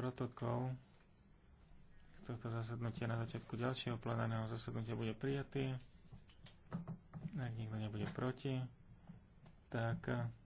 protokol tohto zasadnutia na začiatku ďalšieho plenárneho zasadnutia bude prijatý. Ak nikto nebude proti, tak